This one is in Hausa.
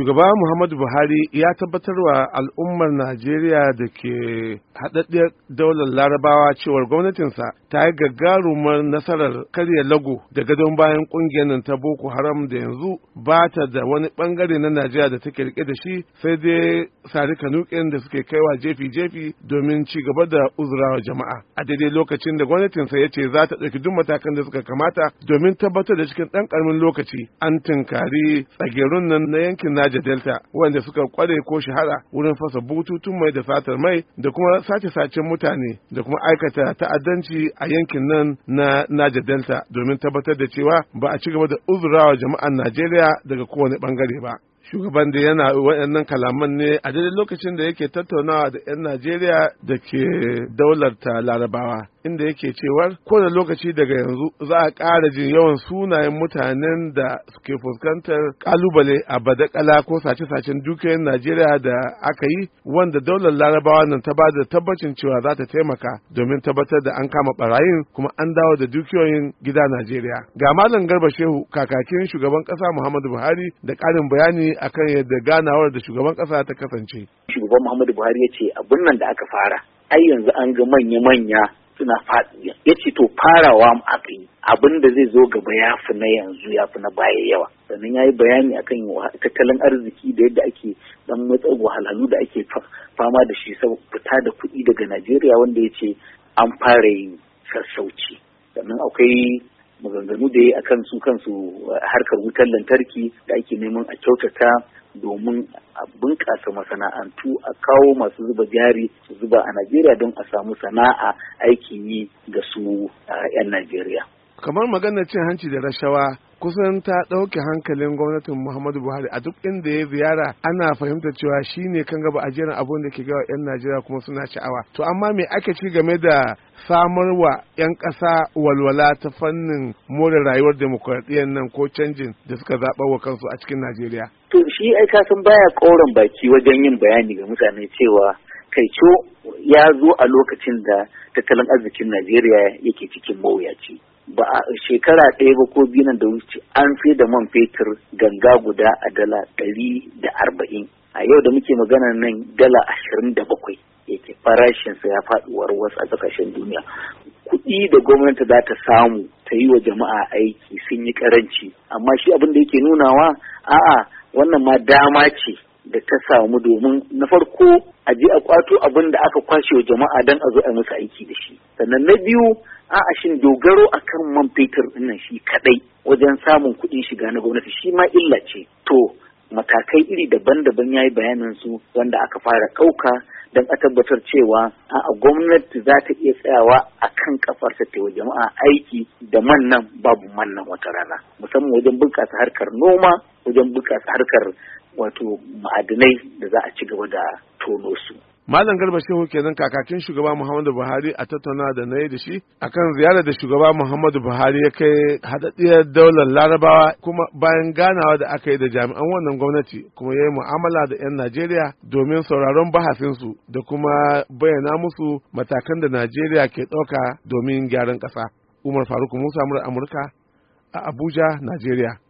shugaba muhammadu buhari ya tabbatarwa al'ummar najeriya da ke haɗaɗɗiyar daular larabawa cewar gwamnatinsa ta yi gagarumar nasarar karya lago da gadon bayan ƙungiyar ta boko haram da yanzu ba ta da wani ɓangare na najeriya da take rike da shi sai dai sari kanuƙin da suke kaiwa jefi-jefi domin ci gaba da uzurawa jama'a a daidai lokacin da gwamnatinsa ya ce za ta ɗauki duk matakan da suka kamata domin tabbatar da cikin ɗan ƙaramin lokaci an tunkari tsagerun nan na yankin najeriya Niger Delta wanda suka kware ko shahara wurin fasa bututun mai da satar mai da kuma sace-sacen mutane da kuma aikata ta'addanci a yankin nan na Niger Delta domin tabbatar da cewa ba a ci gaba da uzurawa jama'an Najeriya daga kowane bangare ba. shugaban da yana waɗannan kalaman ne a daidai lokacin da yake tattaunawa da 'yan najeriya da ke daular ta larabawa inda yake cewar kowane lokaci daga yanzu za a ƙara jin yawan sunayen mutanen da suke fuskantar kalubale a badakala ko sace-sacen dukiyoyin najeriya da aka yi wanda daular larabawa nan ta bada tabbacin cewa za ta taimaka domin tabbatar da an kama barayin kuma an dawo da dukiyoyin gida najeriya ga malam garba shehu kakakin shugaban ƙasa muhammadu buhari da ƙarin bayani akan yadda ganawar da shugaban ƙasa ta kasance shugaban muhammadu buhari ya ce abin nan da aka fara ai yanzu an ga manya-manya suna faɗi ya ce to farawa mu aka yi abin da zai zo gaba ya fi na yanzu ya fi na baya yawa sannan ya yi bayani akan tattalin arziki da yadda ake dan matsar wahalhalu da ake fama da shi saboda fita da kuɗi daga najeriya wanda ya ce an fara yin sassauci sannan akwai maganganu da ya akan su kansu eh, harkar wutar lantarki da ake neman a kyautata domin a bunƙasa masana'antu a kawo masu zuba jari su zuba a Najeriya don a samu sana'a aiki yi ga su a 'yan Najeriya. Kamar maganar cin hanci da rashawa kusan ta ɗauke hankalin gwamnatin Muhammadu Buhari a duk inda ya ziyara ana fahimtar cewa shi ne kan gaba ajiyar abun da ke gawa 'yan Najeriya kuma suna sha'awa. To amma me ake ci game da samar wa 'yan ƙasa walwala ta fannin more rayuwar demokradiyyar nan ko canjin da suka zaɓa wa kansu a cikin Najeriya? To shi ai kasan baya ƙoron baki wajen yin bayani ga mutane cewa kaico ya zo a lokacin da tattalin arzikin Najeriya yake cikin mawuyaci. Ba a shekara ɗaya ba ko biyu nan da wuce an fi da man fetur ganga guda a dala ɗari da arba'in. A yau da muke magana nan dala ashirin da bakwai. farashinsa ya faɗi warwas a ƙasashen duniya kuɗi da gwamnati za ta samu ta yi wa jama'a aiki sun yi karanci amma shi abin da yake nunawa a'a wannan ma dama ce da ta samu domin na farko a je a kwato abin da aka kwashe wa jama'a don a zo a musu aiki da shi sannan na biyu a'a shin dogaro akan man fetur ɗinnan shi kaɗai wajen samun kuɗin shiga na gwamnati shi ma illa ce to matakai iri daban-daban ya yi bayanin su wanda aka fara ɗauka don a tabbatar cewa a gwamnati za ta iya tsayawa a kan kafarsa ta wa jama'a aiki da mannan babu mannan wata rana musamman wajen bunƙasa harkar noma wajen bunƙasa harkar wato ma'adinai da za a ci gaba da tono su. Malam Garba Shehu kenan kakakin shugaba Muhammadu Buhari a tattauna da na yi da shi akan ziyarar da shugaba Muhammadu Buhari ya kai haɗaɗɗiyar daular Larabawa kuma bayan ganawa da aka yi da jami'an wannan gwamnati kuma ya yi mu'amala da 'yan Najeriya domin sauraron bahasinsu da kuma bayyana musu matakan da Najeriya ke ɗauka domin gyaran ƙasa. Umar Faruk Musa Amurka a Abuja, Najeriya.